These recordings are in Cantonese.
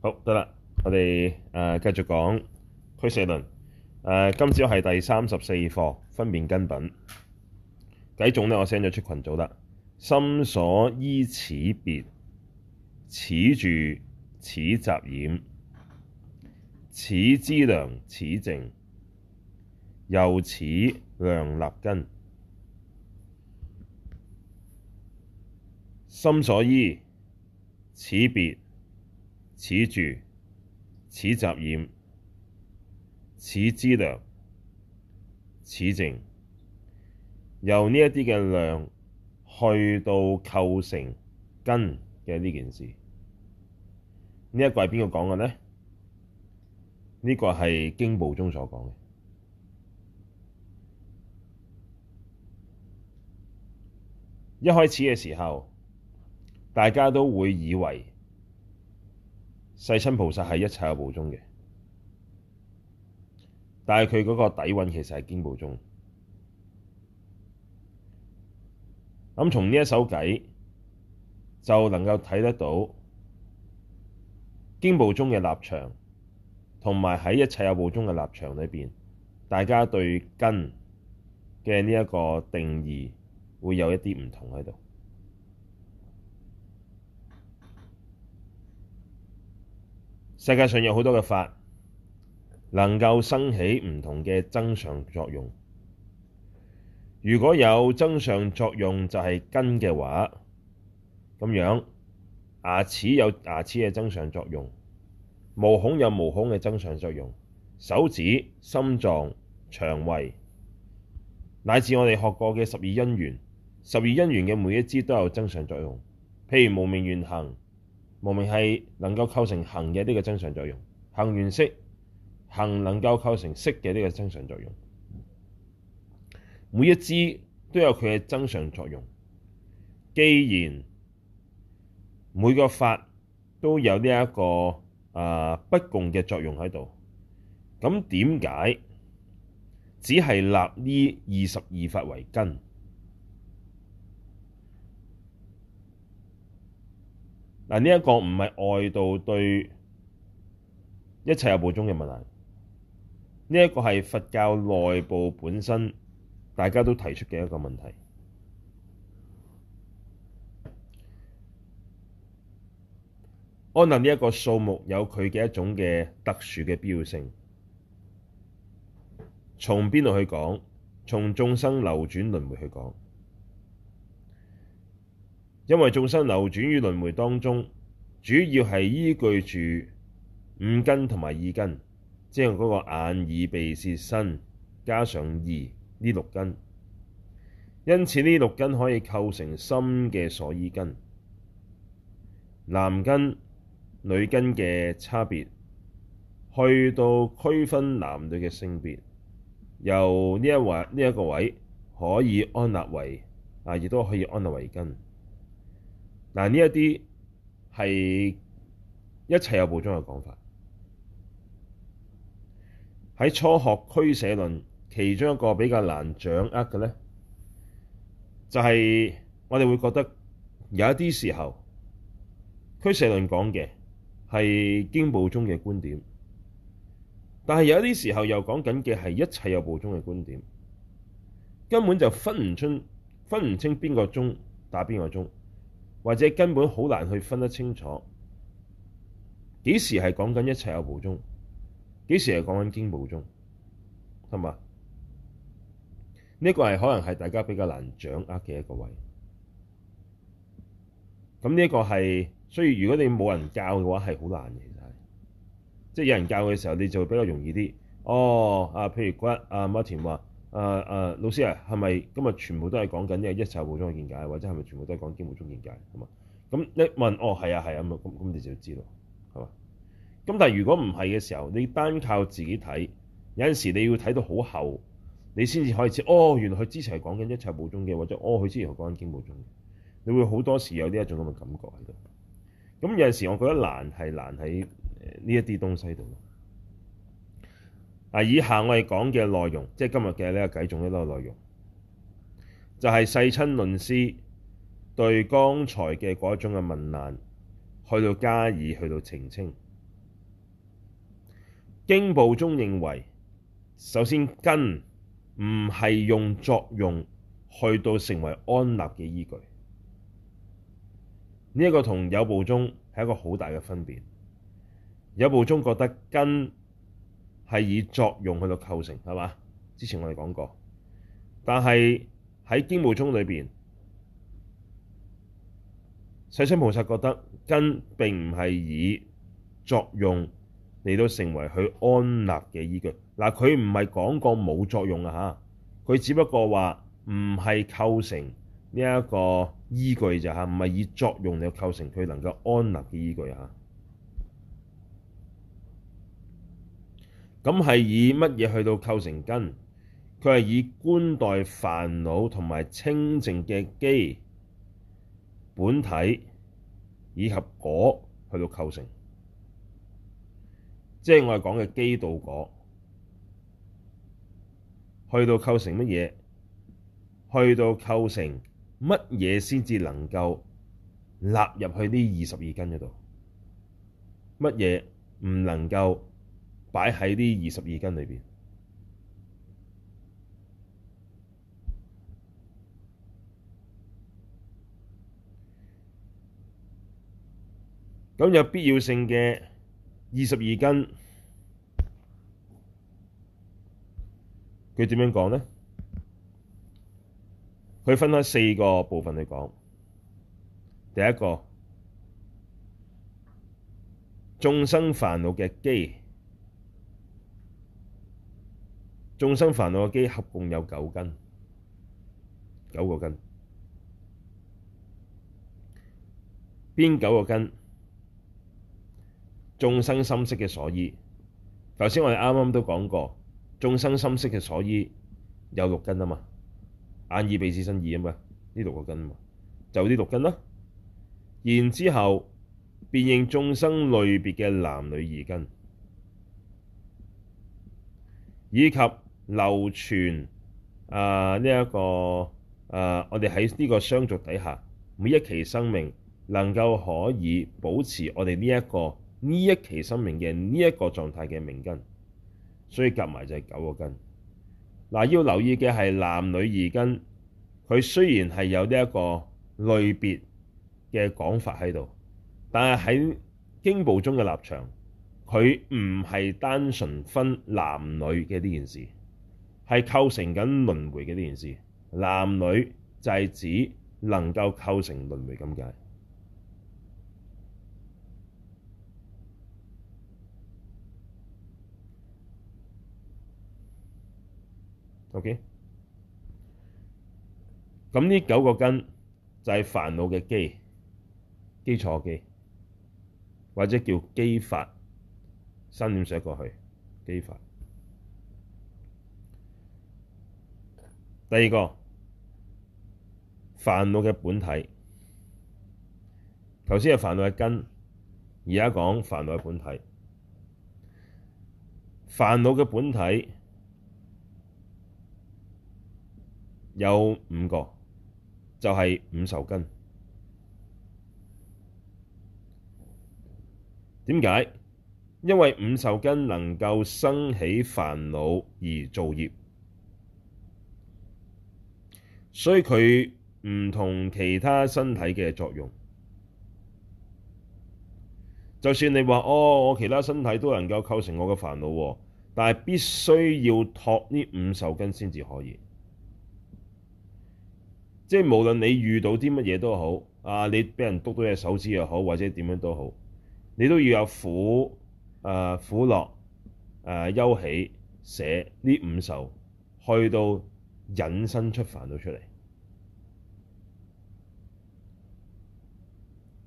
好得啦，我哋誒、呃、繼續講俱舍論。誒、呃，今朝係第三十四課，分別根品第一頌咧，我 send 咗出群組啦。心所依此別，此住此雜染，此資糧此淨，由此量立根。心所依此別。此住，此雜染，此資糧，此淨，由呢一啲嘅量去到構成根嘅呢件事，呢一個係邊個講嘅呢？呢個係經部宗所講嘅。一開始嘅時候，大家都會以為。世親菩薩係一切有部宗嘅，但係佢嗰個底蘊其實係經部宗。咁從呢一首偈，就能夠睇得到經部宗嘅立場，同埋喺一切有部宗嘅立場裏邊，大家對根嘅呢一個定義會有一啲唔同喺度。世界上有好多嘅法，能夠生起唔同嘅增上作用。如果有增上作用就係根嘅話，咁樣牙齒有牙齒嘅增上作用，毛孔有毛孔嘅增上作用，手指、心臟、腸胃，乃至我哋學過嘅十二因緣，十二因緣嘅每一支都有增上作用。譬如無明緣行。無明係能夠構成行嘅呢個增上作用，行完識，行能夠構成識嘅呢個增上作用，每一支都有佢嘅增上作用。既然每個法都有呢、這、一個啊、呃、不共嘅作用喺度，咁點解只係立呢二十二法為根？嗱，呢一個唔係外道對一切有部宗嘅問題，呢、這、一個係佛教內部本身大家都提出嘅一個問題。安立呢一個數目有佢嘅一種嘅特殊嘅必要性，從邊度去講？從眾生流轉輪迴去講。因為眾生流轉於輪迴當中，主要係依據住五根同埋意根，即係嗰個眼、耳、鼻、舌、身，加上意呢六根。因此呢六根可以構成心嘅所依根。男根、女根嘅差別，去到區分男女嘅性別，由呢一位呢一個位，呢個位，可以安立為，啊，亦都可以安立為根。嗱，呢一啲係一切有部宗嘅講法。喺初學俱舍論其中一個比較難掌握嘅咧，就係我哋會覺得有一啲時候俱舍論講嘅係經部宗嘅觀點，但係有啲時候又講緊嘅係一切有部宗嘅觀點，根本就分唔清，分唔清邊個鐘打邊個鐘。或者根本好難去分得清楚，幾時係講緊一切有部宗，幾時係講緊經部宗，係嘛？呢個係可能係大家比較難掌握嘅一個位。咁呢一個係，所以如果你冇人教嘅話係好難嘅，其實係，即係即係有人教嘅時候你就會比較容易啲。哦，啊，譬如覺得啊馬田話。誒誒，uh, uh, 老師啊，係咪今日全部都係講緊一切有部宗見解，或者係咪全部都係講經部宗見解？係嘛？咁你問，哦係啊係啊，咁咁、啊啊、你就要知道，係嘛？咁但係如果唔係嘅時候，你單靠自己睇，有陣時你要睇到好後，你先至開始哦原來佢之前講緊一切有部宗嘅，或者哦佢之前講緊經部宗嘅，你會好多時有呢一種咁嘅感覺喺度。咁有陣時我覺得難係難喺呢一啲東西度。以下我哋講嘅內容，即係今日嘅呢個偈頌呢粒內容，就係、是、世親論師對剛才嘅嗰種嘅問難，去到加以去到澄清。經部宗認為，首先根唔係用作用去到成為安立嘅依據，呢、這個、一個同有部宗係一個好大嘅分別。有部宗覺得根。係以作用去到構成，係嘛？之前我哋講過，但係喺經部宗裏邊，世親菩薩覺得根並唔係以作用嚟到成為佢安立嘅依據。嗱，佢唔係講過冇作用啊嚇，佢只不過話唔係構成呢一個依據咋嚇，唔係以作用嚟到構成佢能夠安立嘅依據嚇。咁係以乜嘢去到構成根？佢係以觀待煩惱同埋清淨嘅基本體以及果去到構成，即係我哋講嘅基道果，去到構成乜嘢？去到構成乜嘢先至能夠納入去呢二十二根嗰度？乜嘢唔能夠？擺喺呢二十二根裏邊，咁有必要性嘅二十二根，佢點樣講呢？佢分開四個部分嚟講，第一個眾生煩惱嘅基。眾生煩惱嘅基合共有九根，九個根，邊九個根？眾生心識嘅所依，頭先我哋啱啱都講過，眾生心識嘅所依有六根啊嘛，眼耳鼻舌身意啊嘛，呢六個根啊嘛，就呢六根囉。然之後，辨認眾生類別嘅男女二根，以及。流傳啊！呢、這、一個啊，我哋喺呢個相續底下，每一期生命能夠可以保持我哋呢一個呢一期生命嘅呢一個狀態嘅命根，所以夾埋就係九個根。嗱、啊，要留意嘅係男女二根，佢雖然係有呢一個類別嘅講法喺度，但係喺經部宗嘅立場，佢唔係單純分男女嘅呢件事。係構成緊輪迴嘅呢件事，男女就係指能夠構成輪迴咁解，OK？咁呢九個根就係煩惱嘅基、基礎、基，或者叫基法，新點寫過去基法。第二個煩惱嘅本體，頭先係煩惱嘅根，而家講煩惱嘅本體。煩惱嘅本體有五個，就係、是、五受根。點解？因為五受根能夠生起煩惱而造業。所以佢唔同其他身體嘅作用。就算你話哦，我其他身體都能夠構成我嘅煩惱，但係必須要托呢五受根先至可以。即係無論你遇到啲乜嘢都好，啊，你畀人督到隻手指又好，或者點樣都好，你都要有苦、誒、呃、苦樂、誒、呃、憂喜、捨呢五受去到。引申出煩惱出嚟，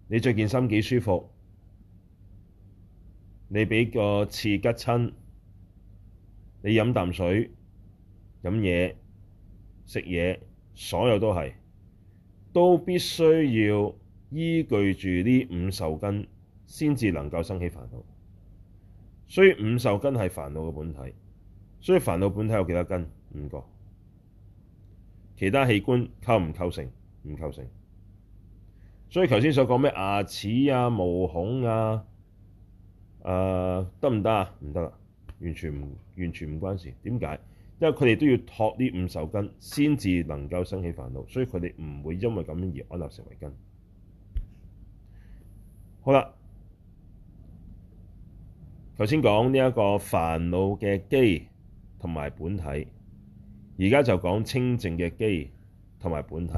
你著件衫幾舒服？你畀個刺吉親，你飲啖水、飲嘢、食嘢，所有都係都必須要依據住呢五受根先至能夠生起煩惱，所以五受根係煩惱嘅本體。所以煩惱本體有幾多根？五個。其他器官構唔構成？唔構成。所以頭先所講咩牙齒啊、毛孔啊，啊得唔得啊？唔得啦，完全唔完全唔關事。點解？因為佢哋都要託啲五受根先至能夠生起煩惱，所以佢哋唔會因為咁樣而安立成為根。好啦，頭先講呢一個煩惱嘅基同埋本體。而家就講清淨嘅基同埋本體，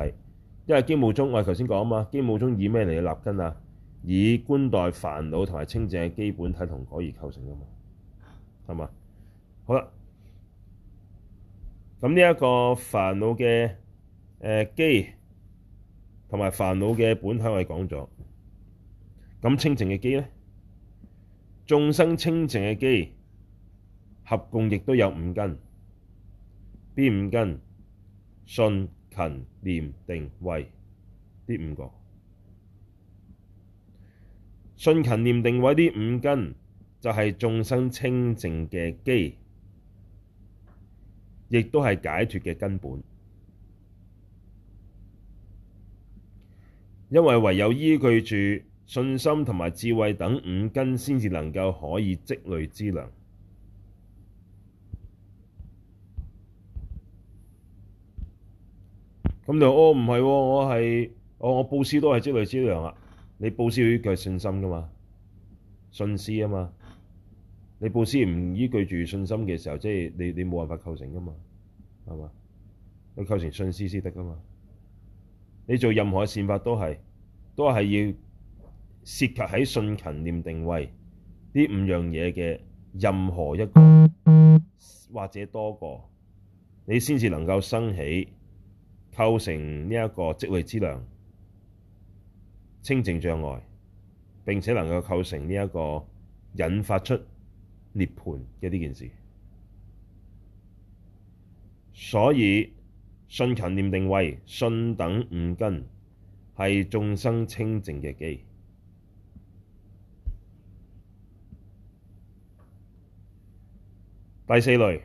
因為經部宗我哋頭先講啊嘛，經部宗以咩嚟嘅立根啊？以觀待煩惱同埋清淨嘅基本體同果而構成啊嘛，係嘛？好啦，咁呢一個煩惱嘅誒基同埋煩惱嘅本體我哋講咗，咁清淨嘅基咧，眾生清淨嘅基合共亦都有五根。呢五根信、勤、念、定、慧呢五個，信、勤、念、定、慧呢五根就係、是、眾生清淨嘅基，亦都係解脫嘅根本。因為唯有依據住信心同埋智慧等五根，先至能夠可以積累資糧。咁就哦，唔係、哦，我係、哦、我我佈施都係積累資糧啊！你佈施要依據信心噶嘛，信施啊嘛！你佈施唔依據住信心嘅時候，即係你你冇辦法構成噶嘛，係嘛？要構成信施先得噶嘛！你做任何嘅善法都係都係要涉及喺信勤念定慧呢五樣嘢嘅任何一個或者多個，你先至能夠生起。構成呢一個積累資糧清淨障礙，並且能夠構成呢一個引發出涅槃嘅呢件事。所以信勤念定慧信等五根係眾生清淨嘅基。第四類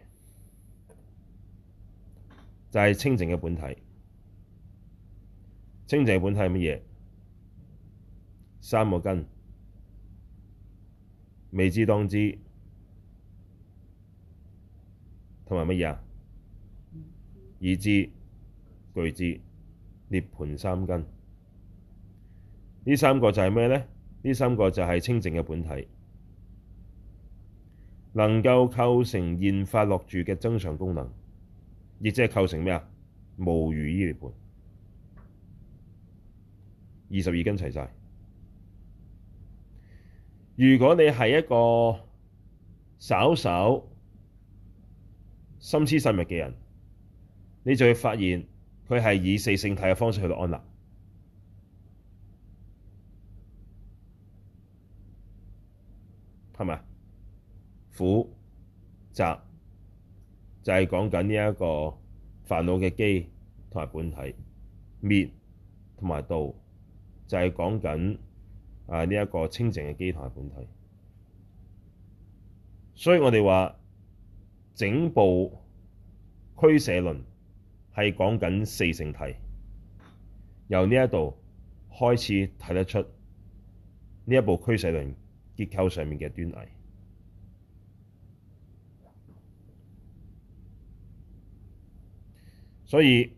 就係、是、清淨嘅本體。清淨本體係乜嘢？三個根，未知當知，同埋乜嘢啊？已知、具知、涅槃三根。呢三個就係咩咧？呢三個就係清淨嘅本體，能夠構成現法樂住嘅增上功能，亦即係構成咩啊？無餘涅槃。二十二根齊晒。如果你係一個稍稍心思細密嘅人，你就會發現佢係以四性體嘅方式去到安立，係咪？苦集就係講緊呢一個煩惱嘅基同埋本體，滅同埋道。就係講緊啊呢一個清淨嘅基體本體，所以我哋話整部俱舍論係講緊四聖諦，由呢一度開始睇得出呢一部俱舍論結構上面嘅端倪，所以。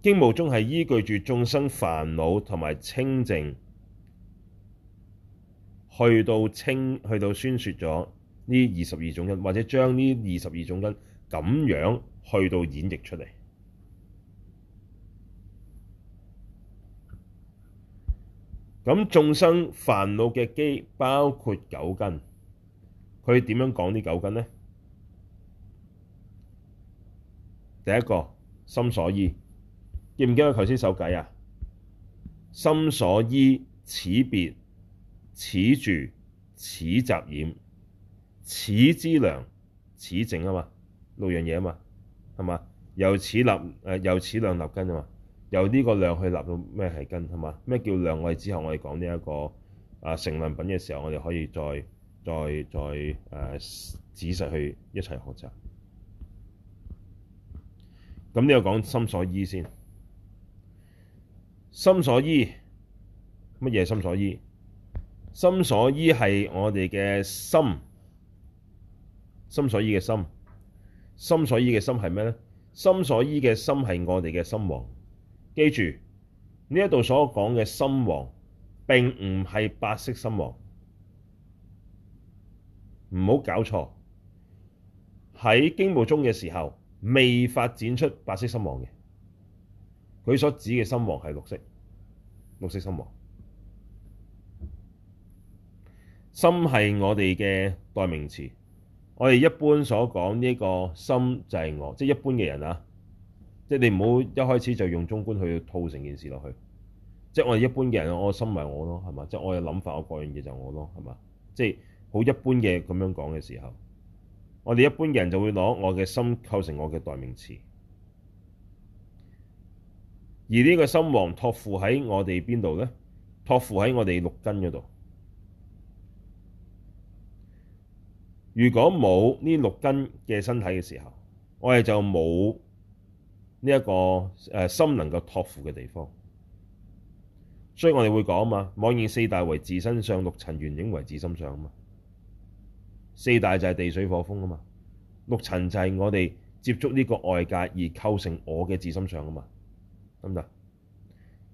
經部宗係依據住眾生煩惱同埋清淨，去到清去到宣說咗呢二十二種根，或者將呢二十二種根咁樣去到演繹出嚟。咁眾生煩惱嘅基包括九根，佢點樣講呢九根呢？第一個心所依。記唔記得我頭先手計啊？心所依，此別，此住，此雜染，此資糧，此淨啊嘛，六樣嘢啊嘛，係嘛？由此立誒、呃，由此量立根啊嘛，由呢個量去立到咩係根，係嘛？咩叫量？位？之後我哋講呢、這、一個啊、呃、成量品嘅時候，我哋可以再再再誒仔細去一齊學習。咁呢個講心所依先。心所依，乜嘢心所依？心所依係我哋嘅心，心所依嘅心，心所依嘅心係咩咧？心所依嘅心係我哋嘅心王，記住呢一度所講嘅心王，並唔係白色心王，唔好搞錯。喺經部中嘅時候，未發展出白色心王嘅，佢所指嘅心王係綠色。綠色心王，心係我哋嘅代名詞。我哋一般所講呢個心就係我，即係一般嘅人啊！即係你唔好一開始就用中觀去套成件事落去。即係我哋一般嘅人，我心咪我咯，係嘛？即係我嘅諗法，我講嘢就我咯，係嘛？即係好一般嘅咁樣講嘅時候，我哋一般嘅人就會攞我嘅心構成我嘅代名詞。而呢個心王託付喺我哋邊度咧？託付喺我哋六根嗰度。如果冇呢六根嘅身體嘅時候，我哋就冇呢一個誒、呃、心能夠託付嘅地方。所以我哋會講啊嘛，妄以四大為自身相，六塵緣影為自心相啊嘛。四大就係地水火風啊嘛，六塵就係我哋接觸呢個外界而構成我嘅自心相啊嘛。咁嗱，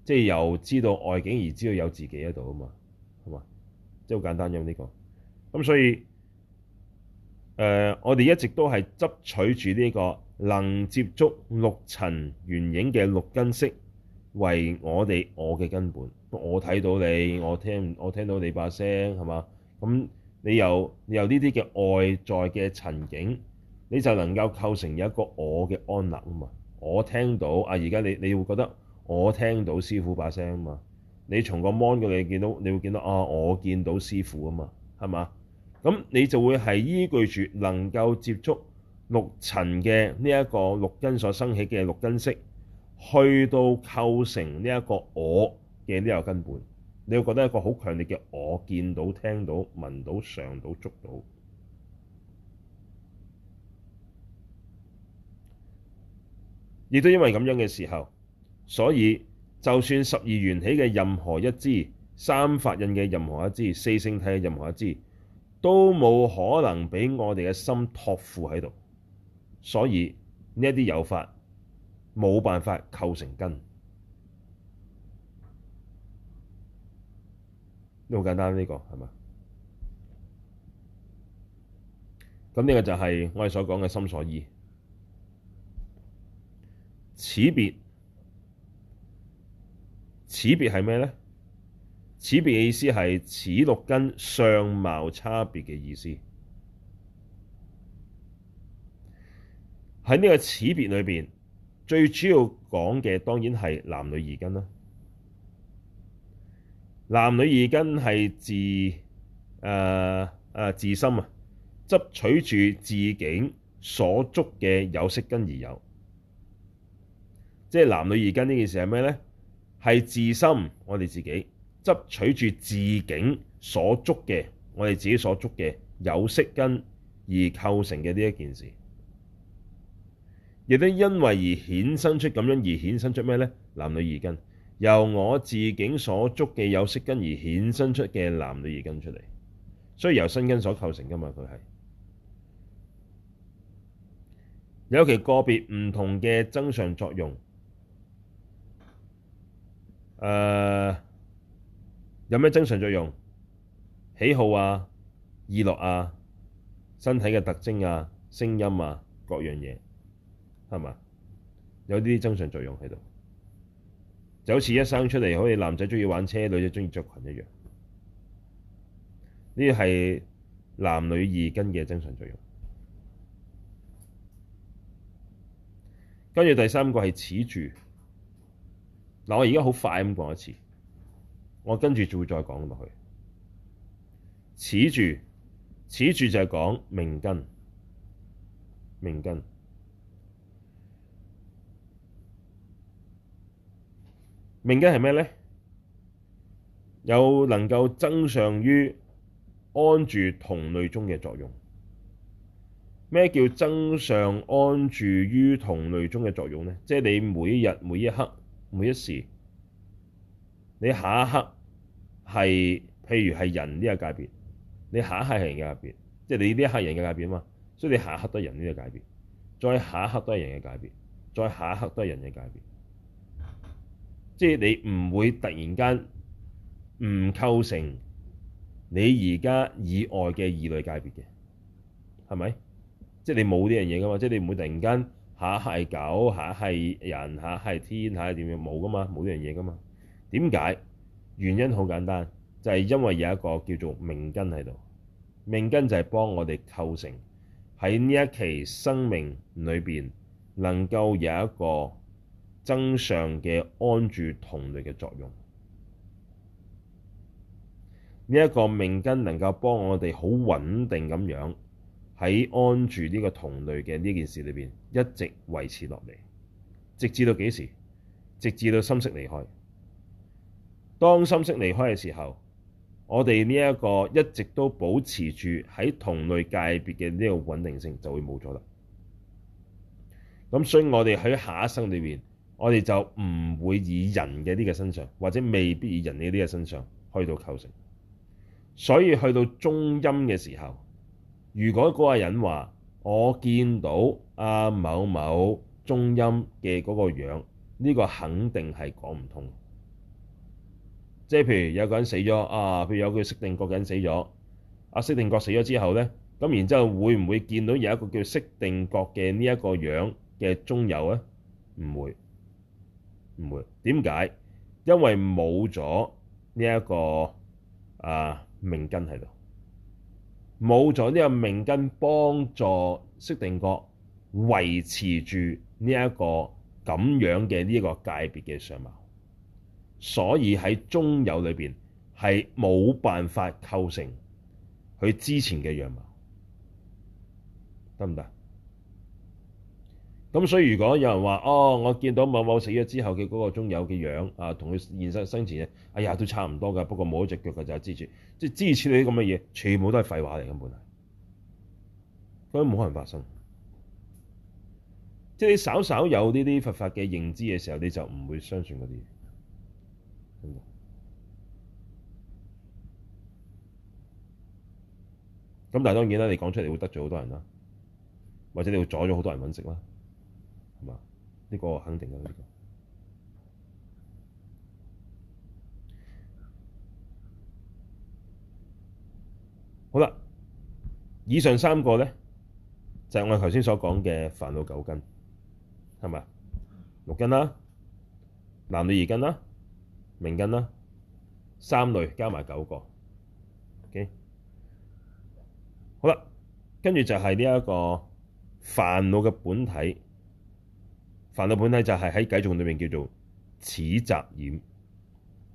即係、嗯就是、由知道外境而知道有自己喺度啊嘛，係嘛，即係好簡單啫呢、這個。咁所以，誒、呃，我哋一直都係執取住呢個能接觸六塵緣影嘅六根色，為我哋我嘅根本。我睇到你，我聽，我聽到你把聲，係嘛？咁你由你由呢啲嘅外在嘅塵影，你就能夠構成一個我嘅安樂啊嘛。我聽到啊，而家你你會覺得我聽到師傅把聲啊嘛？你從個 mon 嘅你見到，你會見到啊，我見到師傅啊嘛，係嘛？咁你就會係依據住能夠接觸六塵嘅呢一個六根所生起嘅六根識，去到構成呢一個我嘅呢個根本，你會覺得一個好強烈嘅我見到、聽到、聞到、上到、捉到。亦都因為咁樣嘅時候，所以就算十二緣起嘅任何一支、三法印嘅任何一支、四聖諦嘅任何一支，都冇可能畀我哋嘅心託付喺度。所以呢一啲有法冇辦法構成根，都好簡單呢個係嘛？咁呢個就係我哋所講嘅心所依。此別，此別係咩咧？此別嘅意思係此六根相貌差別嘅意思。喺呢個此別裏邊，最主要講嘅當然係男女二根啦。男女二根係自誒誒、呃、自心啊，執取住自境所捉嘅有色根而有。即係男女二根呢件事係咩咧？係自心，我哋自己執取住自境所捉嘅，我哋自己所捉嘅有色根而構成嘅呢一件事，亦都因為而衍生出咁樣而衍生出咩咧？男女二根由我自境所捉嘅有色根而衍生出嘅男女二根出嚟，所以由身根所構成噶嘛，佢係有其個別唔同嘅增上作用。誒，uh, 有咩精神作用？喜好啊、意樂啊、身體嘅特徵啊、聲音啊，各樣嘢係嘛？有啲精神作用喺度，就好似一生出嚟，好似男仔中意玩車，女仔中意着裙一樣。呢啲係男女二根嘅精神作用。跟住第三個係恥住。嗱，我而家好快咁講一次，我跟住就會再講落去。此住，此住就係講命根，命根，命根係咩咧？有能夠增上於安住同類中嘅作用。咩叫增上安住於同類中嘅作用咧？即係你每一日每一刻，每一時，你下一刻係，譬如係人呢個界別，你下一刻係人嘅界別，即係你呢一刻人嘅界別啊嘛。所以你下一刻都係人呢個界別，再下一刻都係人嘅界別，再下一刻都係人嘅界別。即係你唔會突然間唔構成你而家以外嘅異類界別嘅，係咪？即係你冇呢樣嘢噶嘛，即係你唔會突然間。嚇係狗，嚇係人，嚇係天，嚇係點樣？冇噶嘛？冇呢樣嘢噶嘛？點解？原因好簡單，就係因為有一個叫做命根喺度。命根就係幫我哋構成喺呢一期生命裏邊，能夠有一個增上嘅安住同類嘅作用。呢一個命根能夠幫我哋好穩定咁樣喺安住呢個同類嘅呢件事裏邊。一直維持落嚟，直至到幾時？直至到心識離開。當心識離開嘅時候，我哋呢一個一直都保持住喺同類界別嘅呢個穩定性就會冇咗啦。咁所以我哋喺下一生裏面，我哋就唔會以人嘅呢個身上，或者未必以人嘅呢個身上去到構成。所以去到中陰嘅時候，如果嗰個人話，我見到阿某某中陰嘅嗰個樣，呢個肯定係講唔通。即係譬如有個人死咗啊，譬如有個叫釋定覺嘅人死咗，啊，釋定覺死咗之後呢，咁然之後會唔會見到有一個叫釋定覺嘅呢一個樣嘅中有呢？唔會，唔會。點解？因為冇咗呢一個啊命根喺度。冇咗呢個命根幫助識定覺維持住呢一個咁樣嘅呢一個界別嘅相貌，所以喺中有裏邊係冇辦法構成佢之前嘅樣貌，得唔得？咁所以如果有人話哦，我見到某某死咗之後，嘅嗰個中有嘅樣啊，同佢現實生前嘅，哎呀都差唔多噶，不過冇一隻腳嘅就係支持，即係支持你啲咁嘅嘢，全部都係廢話嚟，根本根本冇可能發生。即係你稍稍有呢啲佛法嘅認知嘅時候，你就唔會相信嗰啲。咁但係當然啦，你講出嚟會得罪好多人啦，或者你會阻咗好多人揾食啦。呢個肯定啦，呢、這個好啦。以上三個咧，就係、是、我哋頭先所講嘅煩惱九根，係咪？六根啦、啊，男女二根啦、啊，命根啦、啊，三類加埋九個。O、okay? K。好啦，跟住就係呢一個煩惱嘅本體。煩惱本體就係喺偈中裏面叫做此雜染，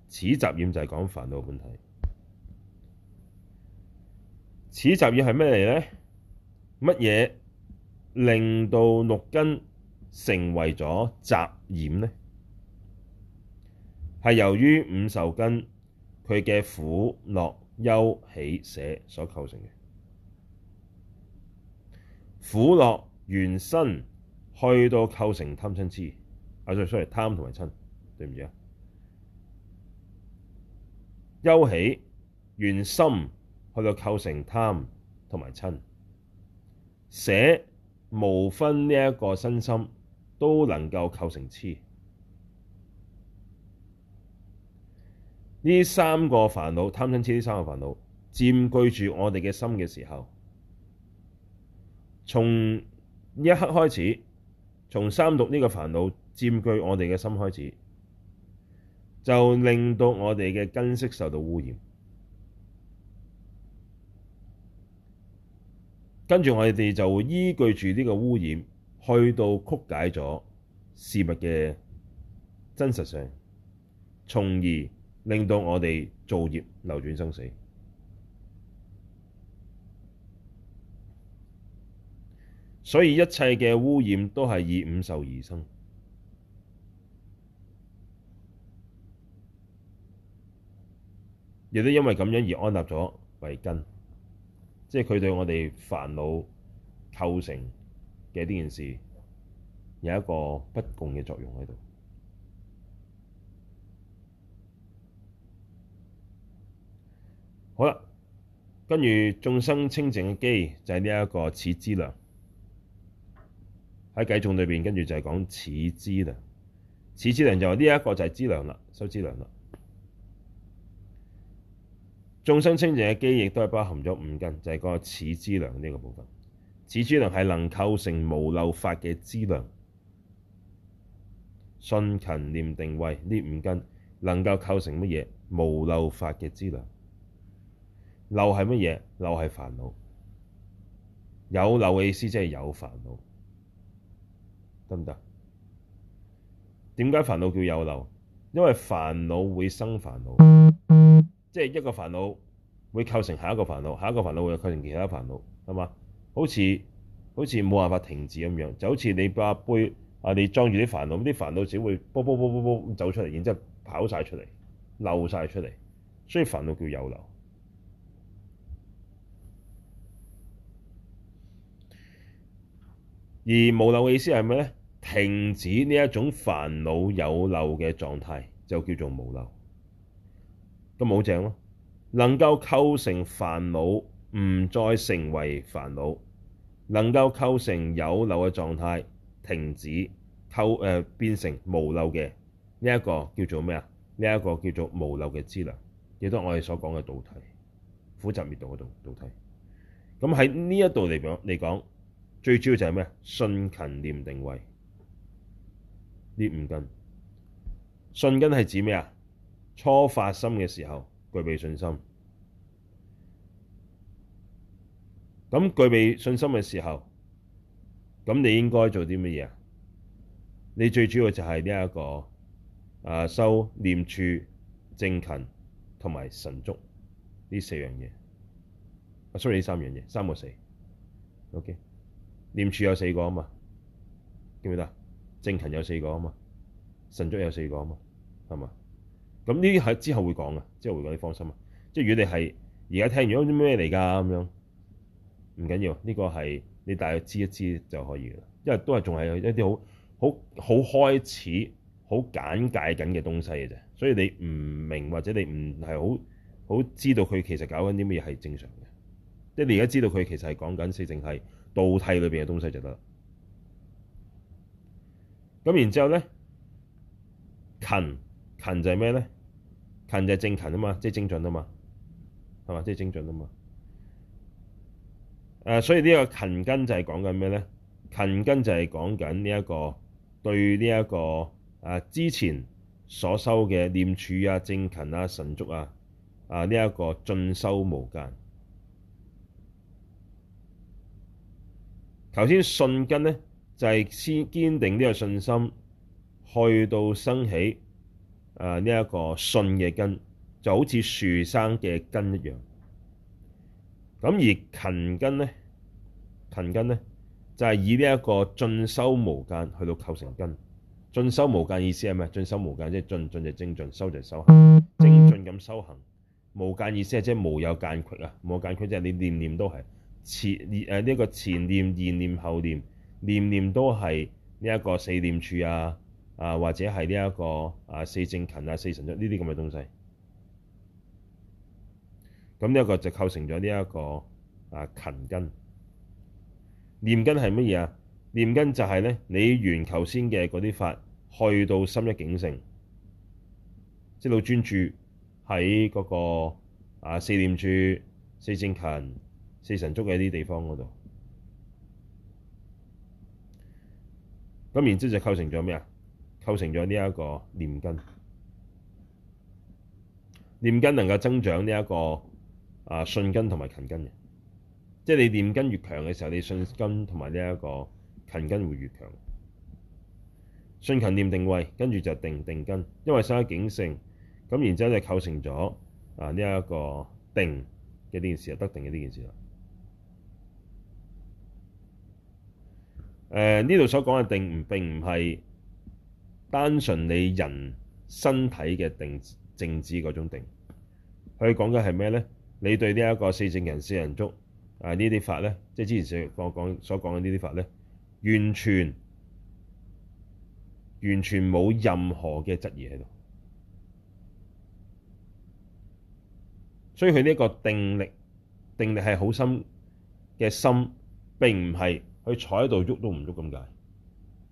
此雜染就係講煩惱本體。此雜染係咩嚟呢？乜嘢令到六根成為咗雜染呢？係由於五受根佢嘅苦、樂、憂、喜、捨所構成嘅苦、樂、原、生。去到構成貪瞋痴，啊再出嚟貪同埋瞋，對唔住啊！憂喜緣心去到構成貪同埋瞋，捨無分呢一個身心都能夠構成痴。呢三個煩惱貪瞋痴，呢三個煩惱佔據住我哋嘅心嘅時候，從呢一刻開始。從三毒呢個煩惱占據我哋嘅心開始，就令到我哋嘅根識受到污染，跟住我哋就會依據住呢個污染去到曲解咗事物嘅真實性，從而令到我哋造業流轉生死。所以一切嘅污染都係以五受而生，亦都因為咁樣而安立咗為根，即係佢對我哋煩惱構成嘅呢件事有一個不共嘅作用喺度。好啦，跟住眾生清淨嘅基就係呢一個此資糧」。喺偈中裏面，跟住就係講此資糧。此資糧就係呢一個就係資糧啦，修資糧啦。眾生清淨嘅基亦都係包含咗五根，就係、是、個此資糧呢一個部分。此資糧係能構成無漏法嘅資糧，信、勤、念、定、慧呢五根。能夠構成乜嘢無漏法嘅資糧？漏係乜嘢？漏係煩惱，有漏嘅意思即係有煩惱。得唔得？點解煩惱叫有漏？因為煩惱會生煩惱，即係一個煩惱會構成下一個煩惱，下一個煩惱會構成其他煩惱，係嘛？好似好似冇辦法停止咁樣，就好似你把杯啊，你裝住啲煩惱，啲煩惱只會波波波波波咁走出嚟，然之後跑晒出嚟，漏晒出嚟，所以煩惱叫有漏。而無漏嘅意思係咩咧？停止呢一種煩惱有漏嘅狀態，就叫做無漏，咁冇正咯，啊！能夠構成煩惱，唔再成為煩惱；能夠構成有漏嘅狀態，停止構誒變成無漏嘅呢一個叫做咩啊？呢一個叫做無漏嘅資糧，亦都我哋所講嘅道體，苦集滅道嗰度道體。咁喺呢一度嚟講，嚟講最主要就係咩啊？信勤、勤、念、定、慧。啲五根，信根係指咩啊？初發心嘅時候具備信心，咁具備信心嘅時候，咁你應該做啲乜嘢啊？你最主要就係呢一個，誒、呃，修念處、正勤同埋神足呢四樣嘢。啊 sorry 呢三樣嘢，三個四，OK？念處有四個啊嘛，記唔記得？正勤有四個啊嘛，神足有四個啊嘛，係嘛？咁呢啲係之後會講嘅，之後會講，你放心啊。即係如果你係而家聽完咗啲咩嚟㗎咁樣，唔緊要，呢個係你大約知一知就可以啦。因為都係仲係有啲好好好開始好簡介緊嘅東西嘅啫，所以你唔明或者你唔係好好知道佢其實搞緊啲咩係正常嘅，即係你而家知道佢其實係講緊四淨係道體裏邊嘅東西就得啦。咁然之後咧，勤勤就係咩咧？勤就係正勤啊嘛，即係精進啊嘛，係嘛？即係精進啊嘛。誒，所以呢個勤根就係講緊咩咧？勤根就係講緊呢一個對呢一個啊，之前所修嘅念處啊、正勤啊、神足啊，啊呢一個進修無間。頭先信根咧，就係先堅定呢個信心，去到生起啊呢一個信嘅根，就好似樹生嘅根一樣。咁而勤根咧，勤根咧就係、是、以呢一個進修無間去到構成根。進修無間意思係咩？進修無間即係進進，就精進，修就修行，精進咁修行。無間意思係即係無有間缺啊！無間缺即係你念念都係前誒呢、呃這個前念、念念後念。念念都係呢一個四念處啊啊，或者係呢一個啊四正勤啊四神足呢啲咁嘅東西，咁呢一個就構成咗呢一個啊勤根。念根係乜嘢啊？念根就係咧，你沿求先嘅嗰啲法去到心一境性，即係好專注喺嗰個啊四念處、四正勤、四神足嘅啲地方嗰度。咁然之後就構成咗咩啊？構成咗呢一個念根，念根能夠增長呢、這、一個啊信根同埋勤根嘅，即係你念根越強嘅時候，你信根同埋呢一個勤根會越強。信勤念定慧，跟住就定定根，因為生起境性，咁然之後就構成咗啊呢一、這個定嘅一件事，就得定嘅呢件事啦。誒，呢度所講嘅定唔，並唔係單純你人身體嘅定靜止嗰種定，佢講嘅係咩咧？你對呢一個四正勤四神足啊、呃、呢啲法咧，即係之前所講講所講嘅呢啲法咧，完全完全冇任何嘅質疑喺度，所以佢呢一個定力定力係好深嘅心，並唔係。佢坐喺度喐都唔喐咁解，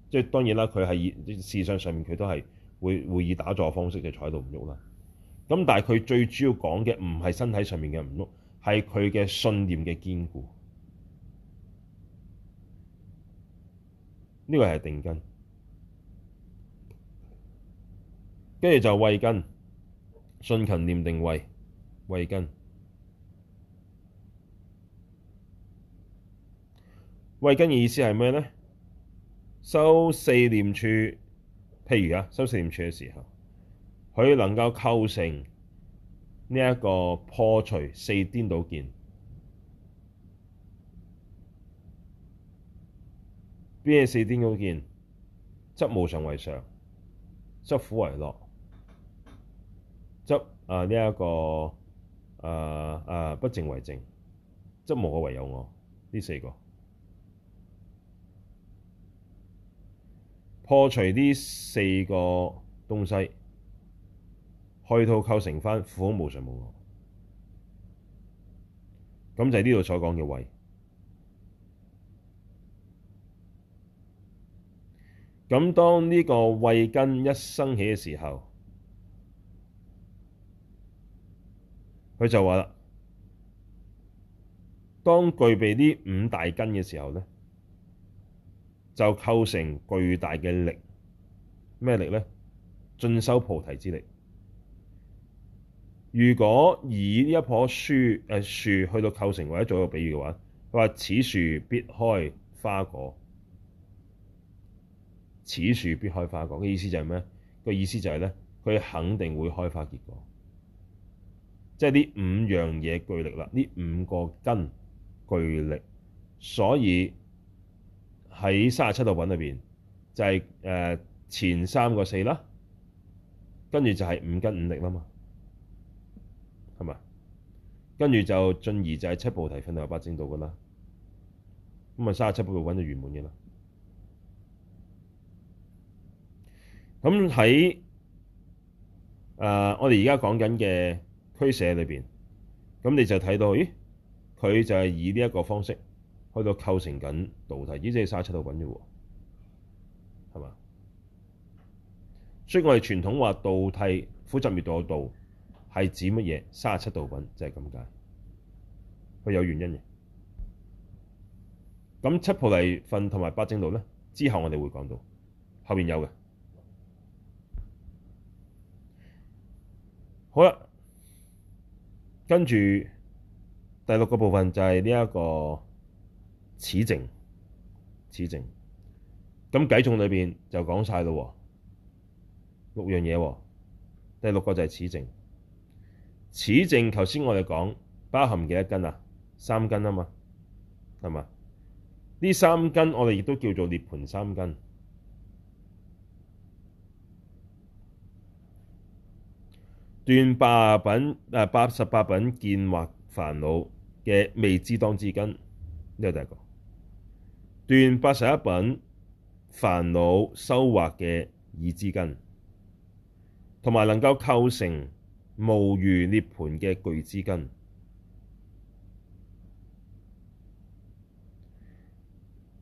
即係當然啦，佢係事實上面佢都係會會以打坐方式就坐喺度唔喐啦。咁但係佢最主要講嘅唔係身體上面嘅唔喐，係佢嘅信念嘅堅固。呢個係定根，跟住就慧根，信勤念定慧，慧根。慧根意思係咩呢？修四念處，譬如啊，修四念處嘅時候，佢能夠構成呢一個破除四顛倒見。邊係四顛倒見？執無常為常，執苦為樂，執、呃這個呃呃、啊呢一個啊啊不淨為淨，執無我為有我，呢四個。破除呢四個東西，去到構成返苦無常無我，咁就係呢度所講嘅慧。咁當呢個慧根一生起嘅時候，佢就話啦：當具備呢五大根嘅時候咧。就構成巨大嘅力，咩力咧？進修菩提之力。如果以一棵樹誒樹去到構成或者做一個比喻嘅話，佢話此樹必開花果，此樹必開花果嘅意思就係咩？個意思就係咧，佢肯定會開花結果，即係呢五樣嘢巨力啦，呢五個根巨力，所以。喺三十七道品裏邊，就係、是、誒前三個四啦，跟住就係五根五力啦嘛，係咪？跟住就進而就係七菩提分到八正道噶啦，咁啊三十七道品就揾咗圓滿嘅啦。咁喺誒我哋而家講緊嘅俱舍裏邊，咁你就睇到，咦？佢就係以呢一個方式。去到構成緊道諦，依即係三十七道品啫喎。係嘛？所以我哋傳統話道諦苦集滅道嘅道係指乜嘢？三十七道品就係咁解，佢有原因嘅。咁七菩提分同埋八正道咧，之後我哋會講到，後邊有嘅。好啦，跟住第六個部分就係呢一個。此淨，此淨，咁計重裏邊就講晒咯，六樣嘢，第六個就係此淨，此淨，頭先我哋講包含幾多根啊？三根啊嘛，係嘛？呢三根我哋亦都叫做涅槃三根，斷八品誒、啊、八十八品見惑煩惱嘅未知當知根、啊，呢個第一個。斷八十一品煩惱修惑嘅已知根，同埋能夠構成無餘涅槃嘅具知根。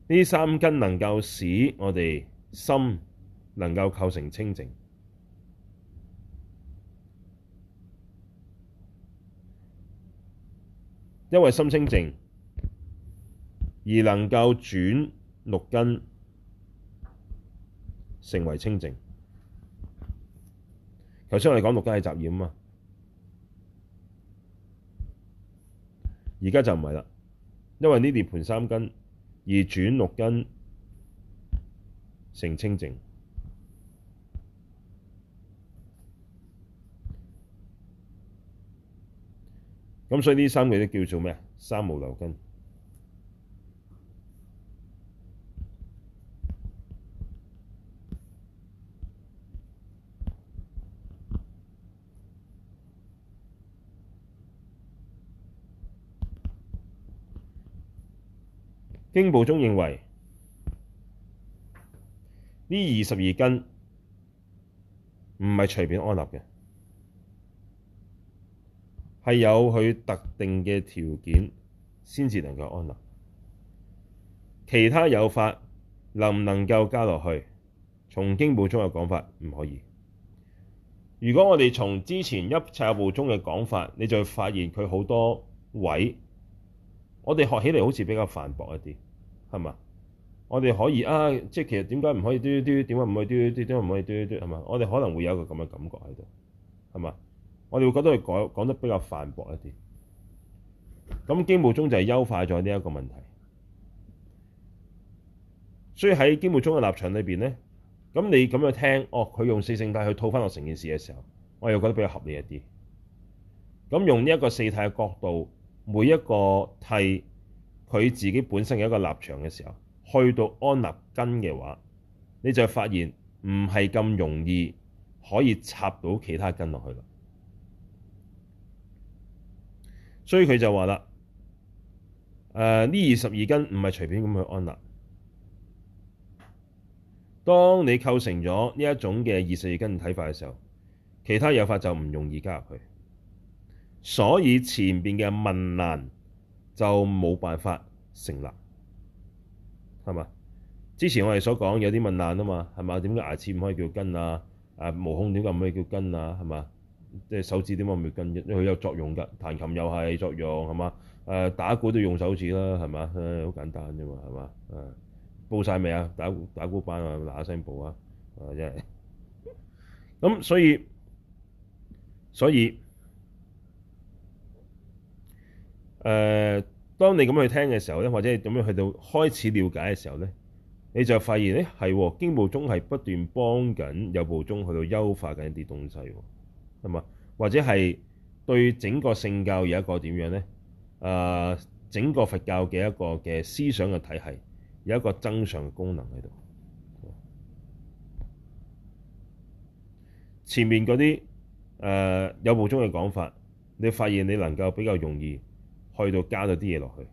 呢三根能夠使我哋心能夠構成清淨，因為心清淨。而能夠轉六根成為清淨。頭先我哋講六根係雜染嘛，而家就唔係啦，因為涅槃三根而轉六根成清淨，咁所以呢三個都叫做咩啊？三無漏根。經部宗認為呢二十二根唔係隨便安立嘅，係有佢特定嘅條件先至能夠安立。其他有法能唔能夠加落去？從經部宗嘅講法唔可以。如果我哋從之前一冊部宗嘅講法，你就會發現佢好多位，我哋學起嚟好似比較繁瑣一啲。係嘛？我哋可以啊，即係其實點解唔可以嘟嘟？點解唔可以嘟嘟？點解唔可以嘟嘟？係嘛？我哋可能會有一個咁嘅感覺喺度，係嘛？我哋會覺得佢講，講得比較反駁一啲。咁經部宗就係優化咗呢一個問題。所以喺經部宗嘅立場裏邊咧，咁你咁樣聽，哦，佢用四聖諦去套翻落成件事嘅時候，我又覺得比較合理一啲。咁用呢一個四諦嘅角度，每一個替。佢自己本身有一個立場嘅時候，去到安立根嘅話，你就發現唔係咁容易可以插到其他根落去啦。所以佢就話啦：誒，呢二十二根唔係隨便咁去安立。當你構成咗呢一種嘅二十二根睇法嘅時候，其他有法就唔容易加入佢。所以前邊嘅問難，就冇辦法成立，係嘛？之前我哋所講有啲問難啊嘛，係嘛？點解牙齒唔可以叫根啊？誒、呃，毛孔點解唔可以叫根啊？係嘛？即係手指點解唔叫根啊？因為佢有作用噶，彈琴又係作用，係嘛？誒、呃，打鼓都用手指啦，係嘛？誒、啊，好簡單啫嘛，係嘛？誒、啊，報晒未啊？打鼓打鼓班啊，嗱一聲報啊，啊真係。咁所以所以。所以誒、呃，當你咁樣去聽嘅時候咧，或者係咁樣去到開始了解嘅時候咧，你就發現咧係、哎、經部宗係不斷幫緊有部宗去到優化緊一啲東西，係嘛？或者係對整個聖教有一個點樣咧？誒、呃，整個佛教嘅一個嘅思想嘅體系有一個增上功能喺度。前面嗰啲誒有部宗嘅講法，你發現你能夠比較容易。去到加咗啲嘢落去，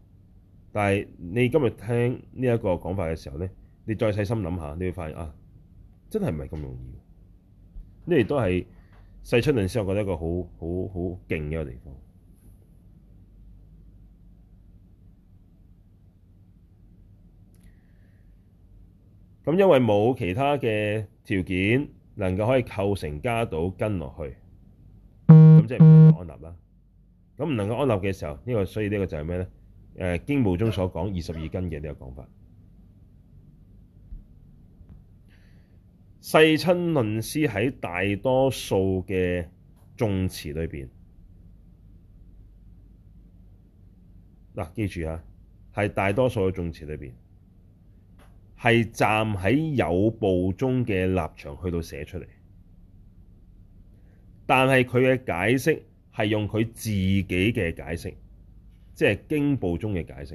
但係你今日聽呢一個講法嘅時候咧，你再細心諗下，你會發現啊，真係唔係咁容易。呢亦都係世親論師，我覺得一個好好好勁嘅地方。咁因為冇其他嘅條件能夠可以構成加到跟落去，咁即係唔安立啦。咁唔能夠安立嘅時候，呢、這個所以呢個就係咩咧？誒經部宗所講二十二根嘅呢個講法，世親論師喺大多數嘅頌詞裏邊，嗱、啊、記住啊，係大多數嘅頌詞裏邊，係站喺有部宗嘅立場去到寫出嚟，但係佢嘅解釋。係用佢自己嘅解釋，即係經部宗嘅解釋。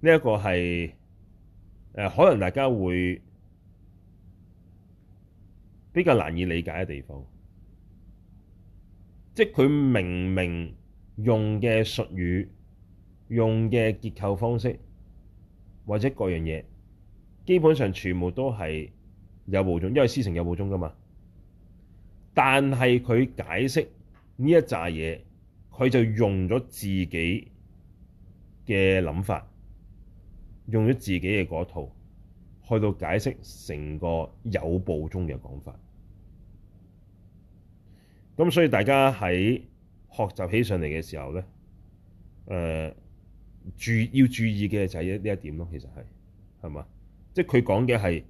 呢、這、一個係誒、呃，可能大家會比較難以理解嘅地方，即佢明明用嘅術語、用嘅結構方式或者各樣嘢，基本上全部都係有部宗，因為師承有部宗噶嘛。但係佢解釋呢一紮嘢，佢就用咗自己嘅諗法，用咗自己嘅嗰套去到解釋成個有部宗嘅講法。咁所以大家喺學習起上嚟嘅時候咧，誒、呃，主要注意嘅就係一呢一點咯。其實係係嘛，即係佢講嘅係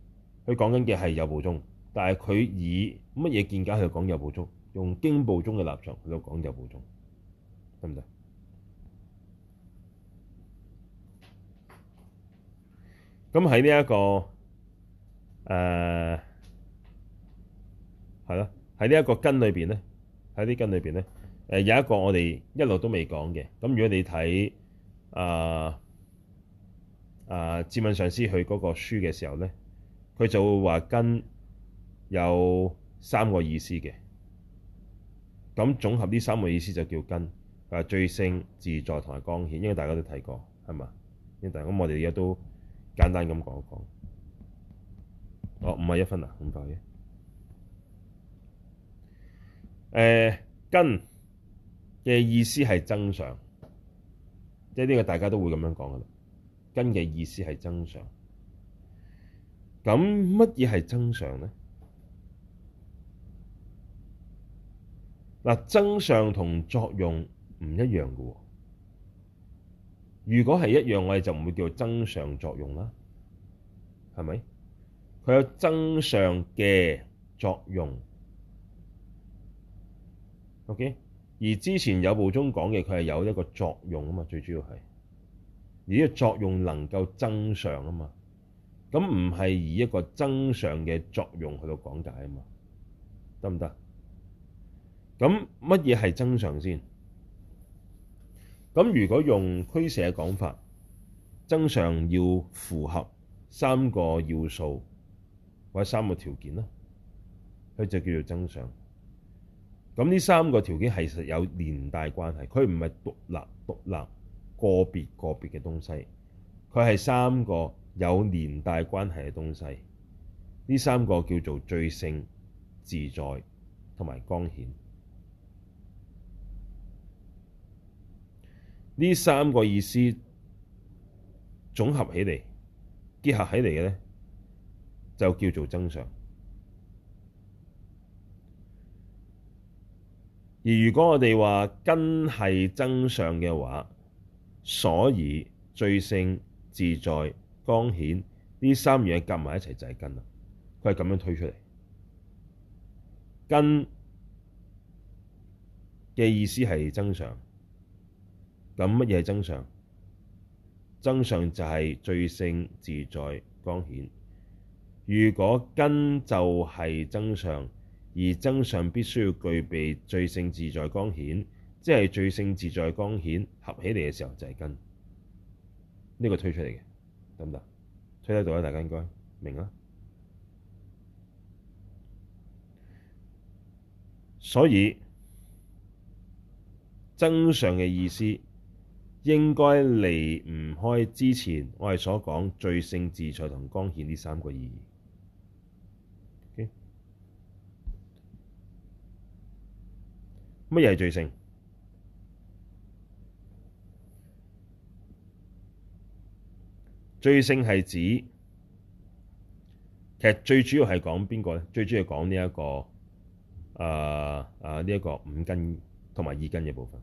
佢講緊嘅係有部宗。但係佢以乜嘢見解去講有部宗，用經部宗嘅立場去講有部宗得唔得？咁喺呢一個誒係啦，喺呢一個根裏邊咧，喺啲根裏邊咧，誒有一個我哋一路都未講嘅。咁如果你睇啊啊智敏上師去嗰個書嘅時候咧，佢就會話跟。有三個意思嘅，咁總合呢三個意思就叫根。佢話最勝、自在同埋光顯，因為大家都睇過，係嘛？咁我哋而家都簡單咁講一講。哦，唔係一分啊，唔該。誒，根嘅意思係增上，即係呢個大家都會咁樣講嘅啦。根嘅意思係增上，咁乜嘢係增上咧？嗱，增上同作用唔一樣嘅喎。如果係一樣，我哋就唔會叫做增上作用啦。係咪？佢有增上嘅作用。OK，而之前有部中講嘅，佢係有一個作用啊嘛，最主要係，而呢個作用能夠增上啊嘛。咁唔係以一個增上嘅作用去到講解啊嘛，得唔得？咁乜嘢係增上先？咁如果用俱舍講法，增上要符合三個要素或者三個條件咯，佢就叫做增上。咁呢三個條件係實有連帶關係，佢唔係獨立獨立個別個別嘅東西，佢係三個有連帶關係嘅東西。呢三個叫做最勝、自在同埋光顯。呢三個意思總合起嚟、結合起嚟嘅咧，就叫做增上。而如果我哋話根係增上嘅話，所以最勝自在、光顯呢三樣嘢夾埋一齊就係根啦。佢係咁樣推出嚟，根嘅意思係增上。咁乜嘢係增上？增上就係最勝自在光顯。如果根就係增上，而增上必須要具備最勝自在光顯，即係最勝自在光顯合起嚟嘅時候就係根。呢、這個推出嚟嘅，得唔得？推得到啦，大家應該明啦。所以增上嘅意思，應該離唔開之前我哋所講最勝、自在同光顯呢三個意義。乜嘢係最勝？最勝係指其實最主要係講邊個咧？最主要講呢、這、一個、呃、啊啊呢一個五根同埋二根嘅部分。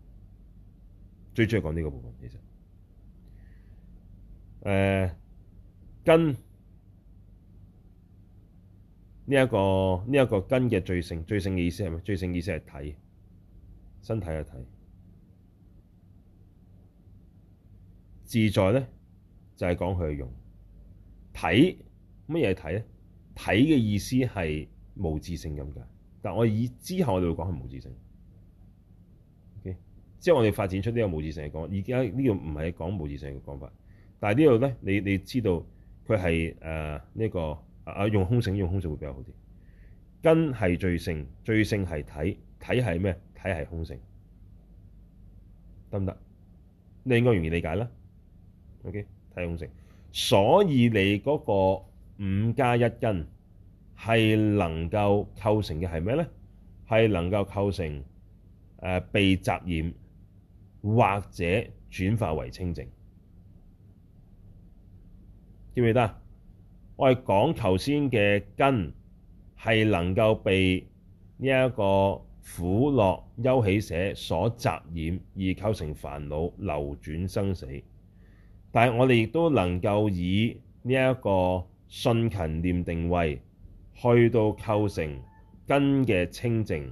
最中意講呢個部分，其實，誒、呃，跟呢一、這個呢一、這個跟嘅最勝，最勝嘅意思係咩？最勝意思係體，身體嘅體，自在咧就係講佢嘅用，體乜嘢體咧？體嘅意思係無自性咁解，但我以之後我哋會講係無自性。即係我哋發展出呢個無自性嘅講法，而家呢個唔係講無自性嘅講法，但係呢度咧，你你知道佢係誒呢個啊，用空性，用空性會比較好啲。根係最勝，最勝係體，體係咩？體係空性，得唔得？你應該容易理解啦。OK，體空性，所以你嗰個五加一根係能夠構成嘅係咩咧？係能夠構成誒、呃、被雜染。或者轉化為清淨，記唔記得？我係講頭先嘅根係能夠被呢一個苦、樂、憂、喜、捨所雜染而構成煩惱流轉生死，但係我哋亦都能夠以呢一個信、勤、念、定、慧，去到構成根嘅清淨，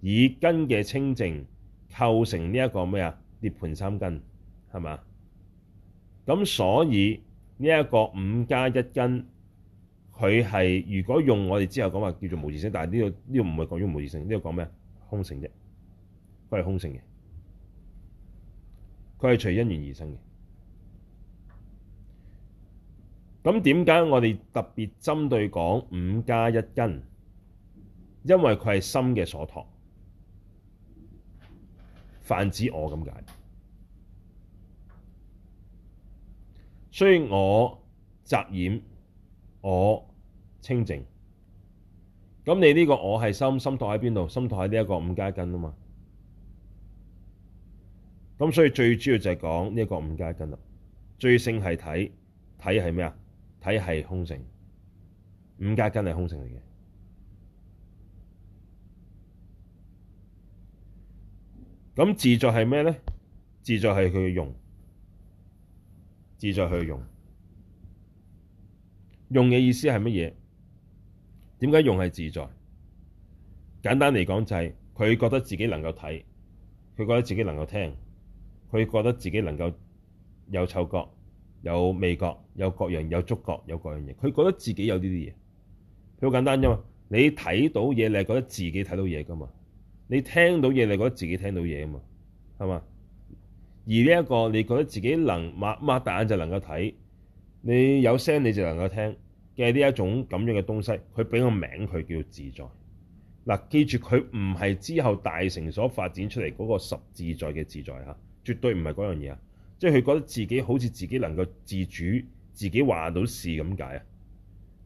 以根嘅清淨。構成呢一個咩啊？涅槃三根係嘛？咁所以呢一個五加一根，佢係如果用我哋之後講話叫做無自性，但係呢個呢個唔係講於無自性，呢個講咩？空性啫，佢係空性嘅，佢係隨因緣而生嘅。咁點解我哋特別針對講五加一根？因為佢係心嘅所託。泛指我咁解，所以我雜染我清淨，咁你呢個我係心，心托喺邊度？心托喺呢一個五加根啊嘛，咁所以最主要就係講呢一個五加根啦。最勝係體，體係咩啊？體係空性，五加根係空性嚟嘅。咁自在係咩咧？自在係佢用，自在去用。用嘅意思係乜嘢？點解用係自在？簡單嚟講就係、是、佢覺得自己能夠睇，佢覺得自己能夠聽，佢覺得自己能夠有嗅覺、有味覺、有各樣、有觸覺、有各樣嘢。佢覺得自己有呢啲嘢，佢好簡單啫嘛。你睇到嘢，你係覺得自己睇到嘢噶嘛？你聽到嘢，你覺得自己聽到嘢啊嘛，係嘛？而呢、這、一個你覺得自己能擘擘大眼就能夠睇，你有聲你就能夠聽嘅呢一種咁樣嘅東西，佢俾個名佢叫自在。嗱、啊，記住佢唔係之後大乘所發展出嚟嗰個十自在嘅自在嚇、啊，絕對唔係嗰樣嘢啊！即係佢覺得自己好似自己能夠自主，自己話到事咁解啊！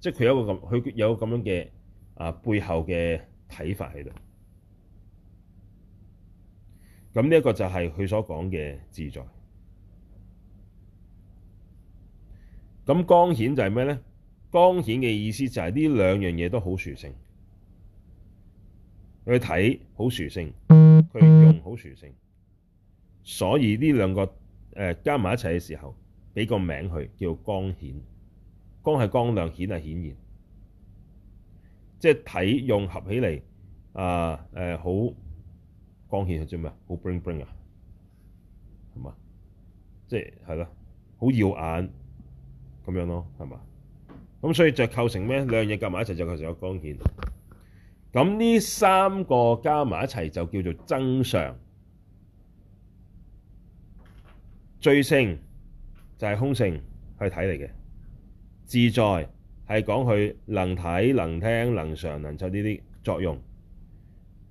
即係佢有個咁，佢有咁樣嘅啊背後嘅睇法喺度。咁呢一個就係佢所講嘅自在。咁光顯就係咩咧？光顯嘅意思就係呢兩樣嘢都好殊勝，去睇好殊勝，佢用好殊勝。所以呢兩個誒、呃、加埋一齊嘅時候，畀個名佢，叫做光顯。光係光亮，顯係顯現，即係睇用合起嚟啊！誒、呃，好、呃。光顯係做咩啊？好 bling bling 啊，係嘛？即係係咯，好耀眼咁樣咯，係嘛？咁所以就構成咩？兩樣嘢夾埋一齊就構成個光顯。咁呢三個加埋一齊就叫做增上。最勝就係空性去睇嚟嘅，自在係講佢能睇、能聽、能上、能觸呢啲作用，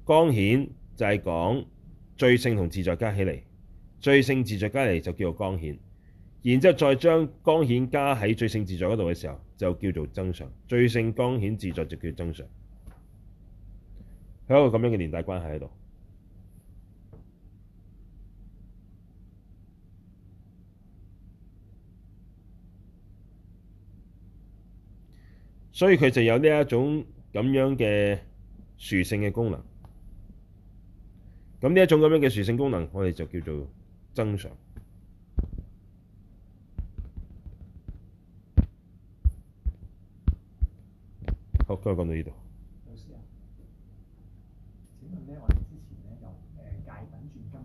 光顯。就係講最勝同自在加起嚟，最勝自在加起嚟就叫做光顯，然之後再將光顯加喺最勝自在嗰度嘅時候，就叫做增上。最勝光顯自在就叫做增上，係一個咁樣嘅連帶關係喺度，所以佢就有呢一種咁樣嘅屬性嘅功能。咁呢一種咁樣嘅屬性功能，我哋就叫做增上。好，今日講到呢度。